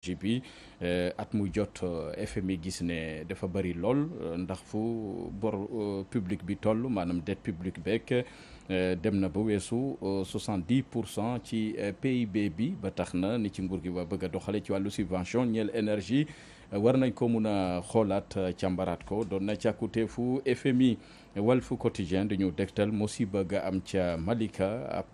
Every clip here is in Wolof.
ji bi eh, at mu jot eh, FMI gis ne dafa bëri lool eh, ndax fu bor public bi toll maanaam dette publique beeg dem na ba weesu 70 pour cent ci PIB bi ba tax na ni ci nguur gi ba bëgg a doxale ci wàllu subvention ñeel énergie war nañ ko mun a xoolaat càmbaraat ko doon na càkkute fu FMI Walf Quotidien duñu dégtal musiba ga am ca Malika ab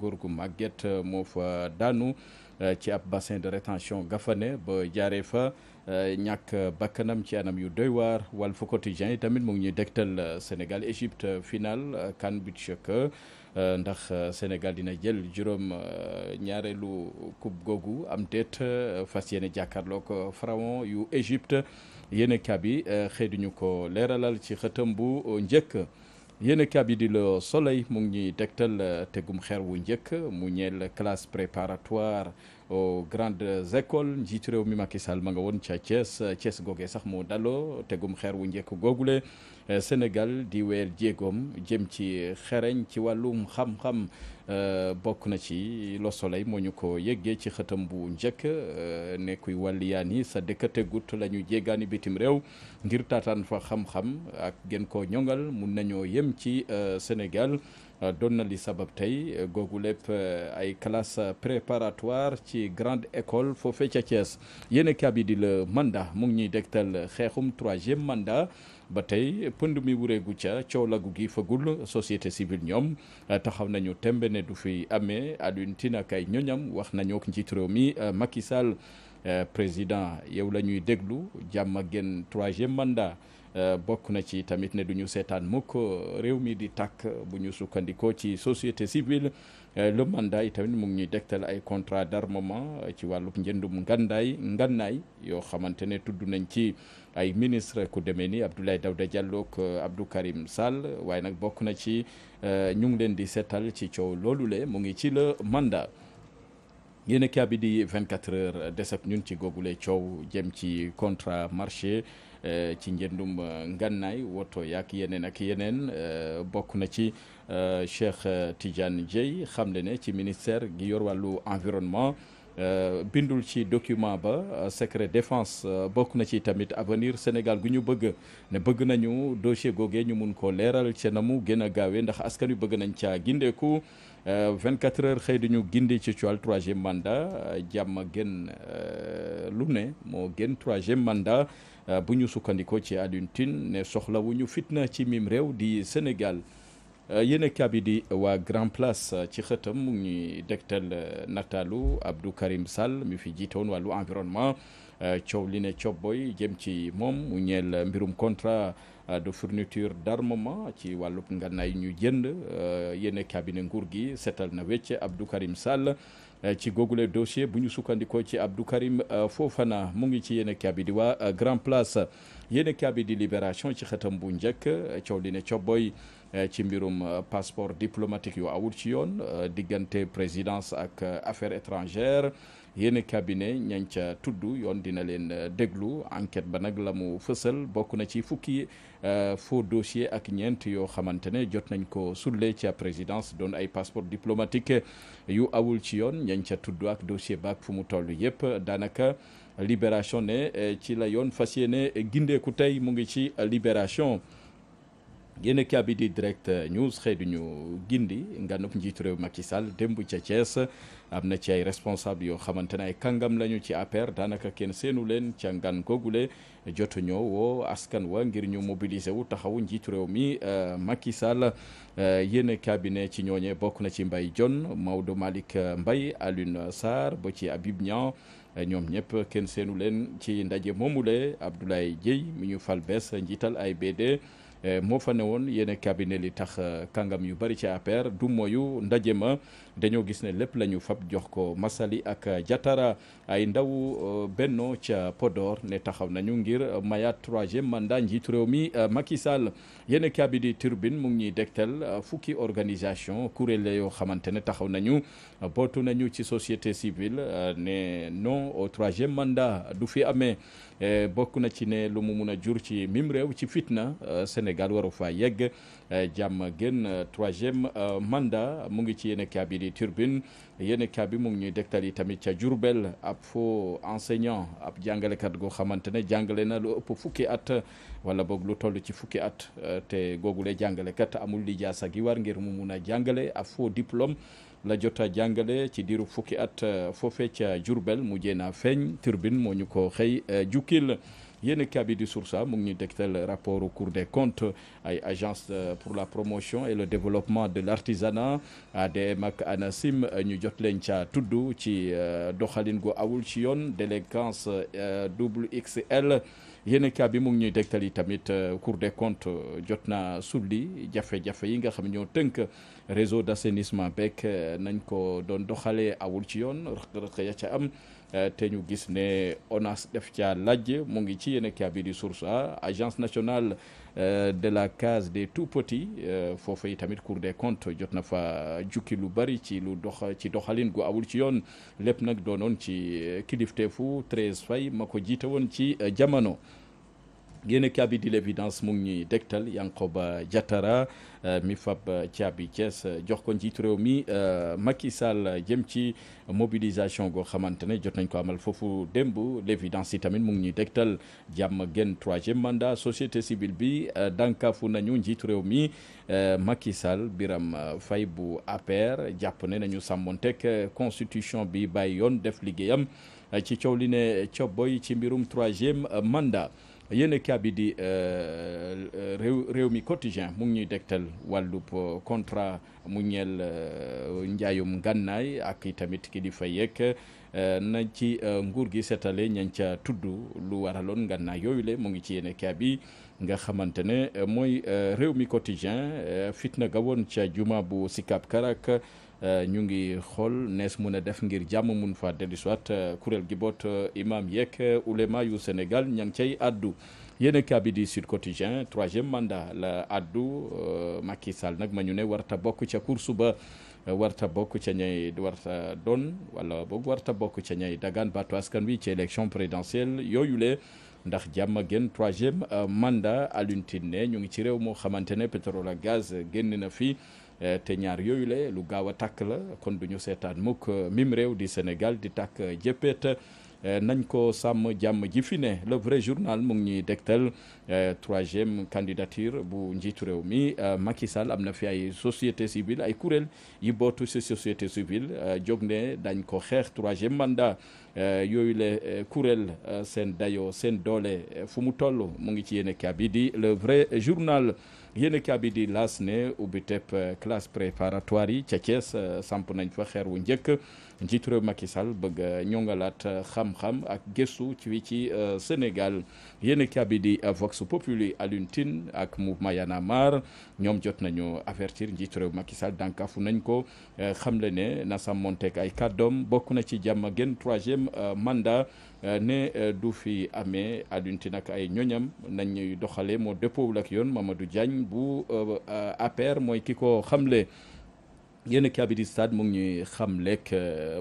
góor gu màgget moo fa daanu Euh, ci ab bassin de rétention Gafane ba jaaree fa euh, ñàkk bakkanam ci anam yu doy waar Walf Quotidien yi tamit moo ngi ñuy dégtal euh, Sénégal Égypte finale CAN beach soccer ndax Sénégal dina jël juróom ñaareelu coupe googu am déet fas yéene jàkkaarloo ko pharaon yu Égypte yéen a kabi xëy ko leeralal ci xëtam bu njëkk. yéen a bi di Le Soleil mu ngi ñuy tegtal euh, tegum xeer wu njëkk mu ñeel classe préparatoire aux grandes écoles njiitu réew mi Macky Sall ma nga woon ca Thiès Thiès googee sax moo daloo tegum xeer wu njëkk googule eh, Sénégal di weer jéegoom jëm ci xereñ ci wàllum xam-xam eh, bokk na ci Le Soleil moo ñu ko yëggee ci xëtam bu njëkk eh, ne kuy wàlliyaan yi sa dëkk tegut la ñu jéegaani bitim réew ngir taataan fa xam-xam ak gën ko ñoŋal mun nañoo yem ci Sénégal doon na li sabab tey googu lépp eh, ay classe préparatoire ci grande école foofee ca Thiès yéen a kaabi di la mandat mu ngi ñuy dégtal xeexum troisième mandat ba tey pënd mi wureegu ca coow lagu gi fagul société civile ñoom eh, taxaw nañu tembe ne du fi amee Alioune Tine ak ay ñoñam wax nañoo ak njiit réew mi eh, Macky Sall président yow la ñuy déglu jàmm ak genn troisième mandat Euh, bokk na ci tamit ne du ñu seetaan mukk réew mi di takk bu ñu sukkandikoo ci société civile euh, le mandat yi tamit mu ngi ñuy degtal ay contrat d'armement euh, ci wàllub njëndum ngandaay ngannaay yoo xamante ne tudd nañ ci ay ministre ku demee ni Abdoulaye Daouda Diallo ak Abdou Karim Sall waaye nag bokk na ci ñu ngi leen di seetal ci coow loolu le mu ngi ci la mandat ngeen a kaa bi di 24 heures des ak ñun ci googule coow jëm ci contrat marché euh, ci njëndum euh, ngànnaay woto yaak yeneen ak yeneen euh, bokk na ci Cheikh Tidiane Dieye xam ne ci ministère gi yor wàllu environnement Euh, bindul ci document ba euh, secret défense euh, bokk na ci tamit avenir Sénégal gu ñu bëgg ne bëgg nañu dossier googee ñu mun ko leeral ca na mu gën a gaawee ndax askan wi bëgg nañu caa gindeeku 24 heures xëy dañu gindi ci ci wàllu troisième mandat jàmm gën lu ne moo gën troisième mandat bu ñu sukkandikoo ci Alioune Tine ne soxlawuñu fitna ci miim réew di Sénégal. Euh, yéen kabi di waa Grand Place euh, ci xëtam mu ngi dégtal euh, nataalu Abdou Karim Sall mi fi jiitoon wàllu environnement coow li ne coow booy jëm ci moom mu ñeel mbirum contrat. Euh, de fourniture d'armement ci wàllub ngànnaay ñu jënd euh, yéene cabinet nguur gi seetal na wecc Abdou Karim Sall euh, ci googule dossier bu ñu sukkandikoo ci Abdou Karim Fofana mu ngi ci yéene cabinet waa Grand Place yéene cabinet Libération ci xëtam bu njëkk coow li ne cobboy ci mbirum passeport diplomatique yu awul ci yoon diggante présidence ak affaires étrangères yéen cabinet ñañ ca tudd yoon dina leen euh, déglu enquête ba nag la mu fësal bokk na ci fukki euh, foo dossier ak ñeent yoo xamante ne jot nañ ko sulle ca présidence doon ay passeport diplomatique yu awul ci yoon ñañ ca tudd ak dossier baak fu mu toll yëpp daanaka libération ne euh, ci la yoon fas yéene gindeeku tey mu ngi ci libération yéen kaa bi di direct news xëy duñu gindi nganub njiitu réew Macky Sall démb ca Thiès am na ci ay responsable yoo xamante ne ay kàngam lañu ci APR daanaka kenn seenu leen ca ngan googule jotu ñoo askan wa ngir ñu mobiliser wu taxaw njiitu réew mi euh, Macky Sall euh, yéen kaa ci ñooñee bokk na ci Mbaye Dione Maodo Malick euh, mbay Alioune Sarr ba ci Habib Niang ñoom ñëpp kenn seenu leen ci ndaje moomule Abdoulaye Dieye mi ñu fal bees njiital ay BD Eh, moo fa woon yéen cabinet li tax eh, kàngam yu bari ci APR du moyu ndaje ma dañoo gis ne lépp la ñu fab jox ko Massaly ak jatara ay ndaw euh, benno ca Podor ne taxaw nañu ngir mayaat troisième mandat njiitu réew mi euh, Macky Sall yéen kaabi di turbine mu ngi ñuy dégtal euh, fukki organisation kuréel yoo xamante ne taxaw nañu bootu nañu ci société civile ne non au troisième mandat du fi amee bokk na ci ne lu mu mun a jur ci mim réew ci fitna Sénégal waru fa yegg jàmm gën troisième mandat mu ngi ci yéen kaabi di turbine yéen kaa bi mu ngi ñuy dégtal tamit ca Diourbel ab faux enseignant ab jàngalekat goo xamante ne jàngale na lu ëpp fukki at wala boog lu toll ci fukki at te googule jàngalekat amul lijaasa gi war ngir mu mun a jàngale ab faux diplôme la jot a jàngale ci diru fukki at foofee ca Diourbel mu jéem a feeñ turbine moo ñu ko xëy eh, jukkil yéen kabi di sa mu ngi ñuy tegtal rapport au Cour des comptes ay agence euh, pour la promotion et le développement de l'artisanat ADM mak ANACIM ñu jot leen ca tudd ci euh, doxalin gu awul ci yoon délinquance euh, double XL yéen kaa bi mu ngi ñuy dégtal tamit euh, Cour de comptes euh, jot na sulli jafe-jafe yi nga xam ñoo tënk réseau d'assainissement beeg euh, nañ ko doon doxalee awul ci yoon rëq-rëq ya ca am te ñu gis ne ONAS def caa laaj mu ngi ci yéen kaa bi di source agence nationale. Euh, de la case des tout petits euh, foofu yi tamit Cour des comptes jot na fa jukki lu bari ci lu dox ci doxalin gu awul ci yoon lépp nag doonoon ci kilifteefu Thérèse Faye ma ko jiite woon ci euh, jamono. yéen kaabi di l'évidence mu ngi ñuy dégtal ba jatara euh, mi fab euh, caabi Thiès euh, jox ko njiitu réew mi Macky Sall jëm ci mobilisation goo xamante ne jot nañ ko amal foofu démb l'évidence yi tamit mu ngi ñuy dégtal jàmm genn troisième mandat société civile bi dànkaafu nañu njiitu réew mi Macky Sall Biram fay bu APR jàpp ne nañu sàmmonteeg constitution bi bàyyi yoon def liggéeyam ci coow li ne coow ci mbirum troisième mandat. yéen a bi di euh, euh, réew réew mi quotidien mu ngi ñuy degtal wàllub contrat mu ñeel euh, njaayum gànnaay ak i tamit ki di fa yeeg na ci nguur gi seetale ñañ ca tudd lu waraloon ngànnaay yooyu le mu ngi ci yéen a bi nga xamante ne mooy réew mi quotidien fitna ga woon ca juma bu Sicap Karak. Euh, ñu ngi xool nees mun a def ngir jàmm mun fa dellusiwaat euh, kuréel gi boot euh, imam yeeg ulema yu Sénégal ña ngi cay addu yéen a kaabi di Sud Quotidien troisième manda la addu Macky Sall nag ma ñu ne warta bokk ca course ba warta bokk ca ñay warta doon wala boog warta bokk ca ñay dagaan baatu askan wi ci élection présidentielle yooyu le ndax jàmm génn troisième mandat manda Tine ne ñu ngi ci réew moo xamante ne pétrole ak gaz génn na fi. Eh, te ñaar yooyu le lu gaaw a tàkk la kon du ñu seetaan mukk eh, mim réew di Sénégal di takk jëppeet eh, nañ ko sàmm jàmm ji fi ne le vrai journal mu ngi ñuy dégtal troisième candidature bu njiitu réew mi Macky Sall am na fi ay société civile ay kuréel yi bootu si société civile jóg ne dañ ko xeex troisième mandat yooyu le kuréel seen dayo seen doole fu mu toll mu ngi ci yéene kabi di le vrai journal yéen a kaabi di laas ne ubbi tepp euh, classe préparatoire yi ca Thiès euh, samp nañ fa xeer wu njëkk njiitu réew Macky Sall bëgg euh, ñongalaat xam-xam ak gëstu ci wi ci Sénégal yéen a kaabi di Vox Populi Alioune ak mouvement Y'en a ñoom jot nañu avertir njiitu réew Macky Sall dànkaafu nañ ko xam le ne na sàmmonteeg ay kàddoom bokk na ci jàmm gën troisième mandat Euh, ne euh, du fi amee adunti nag ay ñoñam nañuy doxalee moo dëppoowul ak yoon Mamadou Diagne bu euh, APR mooy ki ko xamle yéen kaabi di stade mu ngi ñuy xamleeg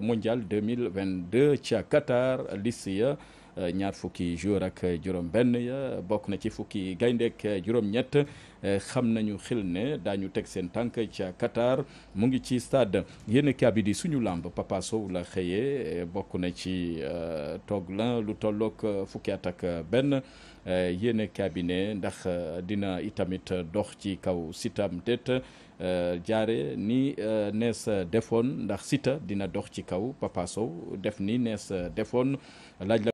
mondial 2022 ca Qatar liste ya Euh, ñaar fukki joueur ak juróom benn ya bokk na ci fukki gayndeek juróom ñett euh, xam nañu xil ne daañu teg seen tànk ca Qatar mu ngi ci stade yéen kaabi suñu làmb Papa la xëyee euh, bokk na ci toog la lu tollook fukki at ak benn yéen kaabi ne ndax dina itamit dox ci kaw sitam det jaare ni nees defoon ndax sita dina dox ci kaw Papa Sow def ni nees defoon laaj la